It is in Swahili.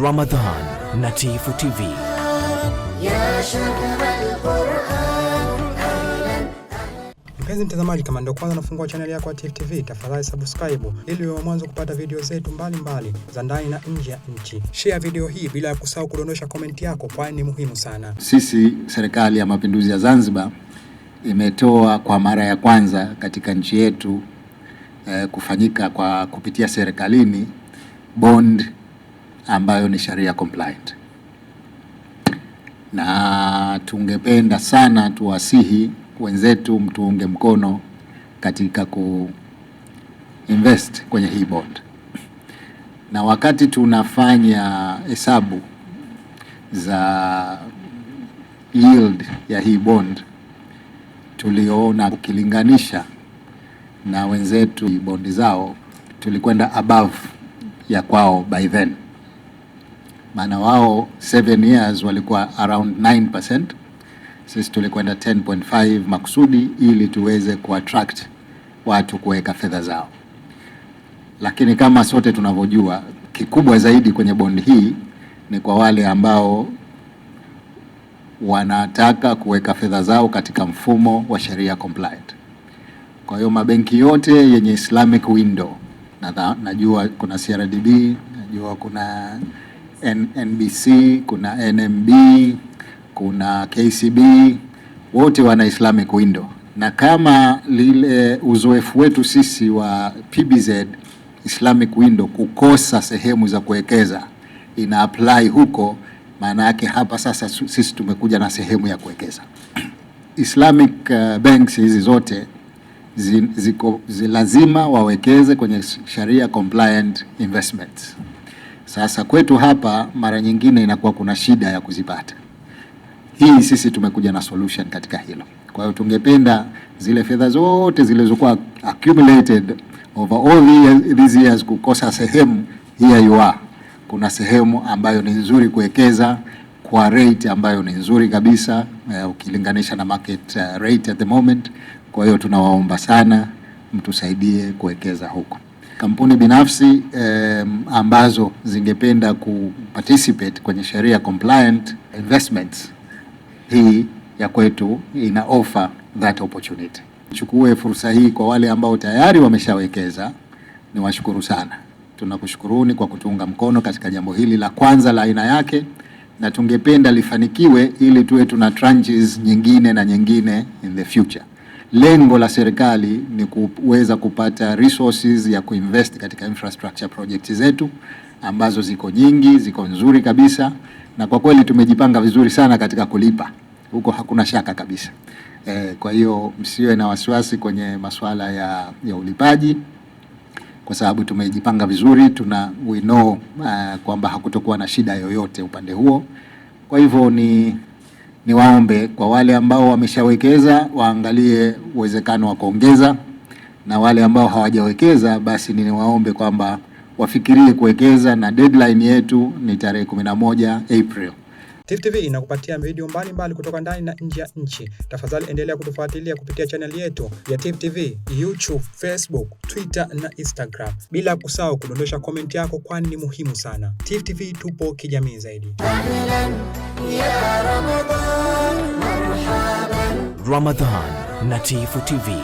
Ramadan na Tifu TV. Mpenzi mtazamaji, kama ndio kwanza nafungua chaneli yako ya Tifu TV, tafadhali subscribe ili uwe mwanzo kupata video zetu mbalimbali za ndani na nje ya nchi. Share video hii bila ya kusahau kudondosha komenti yako, kwani ni muhimu sana. Sisi serikali ya mapinduzi ya Zanzibar imetoa kwa mara ya kwanza katika nchi yetu eh, kufanyika kwa kupitia serikalini bond ambayo ni sharia compliant, na tungependa sana tuwasihi wenzetu mtuunge mkono katika ku invest kwenye hii bond. Na wakati tunafanya hesabu za yield ya hii bond tuliona, ukilinganisha na wenzetu bondi zao, tulikwenda above ya kwao by then maana wao 7 years walikuwa around 9%, sisi tulikwenda 10.5 maksudi ili tuweze kuattract watu kuweka fedha zao, lakini kama sote tunavyojua, kikubwa zaidi kwenye bond hii ni kwa wale ambao wanataka kuweka fedha zao katika mfumo wa sheria compliant. Kwa hiyo mabenki yote yenye Islamic window na najua kuna CRDB, najua kuna N NBC, kuna NMB, kuna KCB, wote wana Islamic window, na kama lile uzoefu wetu sisi wa PBZ Islamic window kukosa sehemu za kuwekeza ina apply huko, maana yake hapa sasa sisi tumekuja na sehemu ya kuwekeza. Islamic uh, banks hizi zote ziko zi lazima wawekeze kwenye sharia compliant investments. Sasa kwetu hapa mara nyingine inakuwa kuna shida ya kuzipata. Hii sisi tumekuja na solution katika hilo. Kwa hiyo tungependa zile fedha zote zilizokuwa accumulated over all these years kukosa sehemu, here you are, kuna sehemu ambayo ni nzuri kuwekeza kwa rate ambayo ni nzuri kabisa uh, ukilinganisha na market uh, rate at the moment. Kwa hiyo tunawaomba sana mtusaidie kuwekeza huko kampuni binafsi eh, ambazo zingependa ku participate kwenye sheria compliant investments, hii ya kwetu ina offer that opportunity. Chukue fursa hii kwa wale ambao tayari wameshawekeza, ni washukuru sana. Tunakushukuruni kwa kutuunga mkono katika jambo hili la kwanza la aina yake, na tungependa lifanikiwe ili tuwe tuna tranches nyingine na nyingine in the future lengo la serikali ni kuweza kupata resources ya kuinvest katika infrastructure projects zetu ambazo ziko nyingi, ziko nzuri kabisa, na kwa kweli tumejipanga vizuri sana katika kulipa huko, hakuna shaka kabisa. E, kwa hiyo msiwe na wasiwasi kwenye masuala ya, ya ulipaji kwa sababu tumejipanga vizuri, tuna we know uh, kwamba hakutokuwa na shida yoyote upande huo, kwa hivyo ni niwaombe kwa wale ambao wameshawekeza waangalie uwezekano wa kuongeza, na wale ambao hawajawekeza basi ni niwaombe kwamba wafikirie kuwekeza, na deadline yetu ni tarehe 11 April. Tifu TV inakupatia video mbalimbali kutoka ndani na nje ya nchi. Tafadhali endelea kutufuatilia kupitia chaneli yetu ya Tifu TV, YouTube, Facebook, Twitter na Instagram, bila kusahau kudondosha komenti yako, kwani ni muhimu sana. Tifu TV tupo kijamii zaidi. Ramadan na Tifu TV.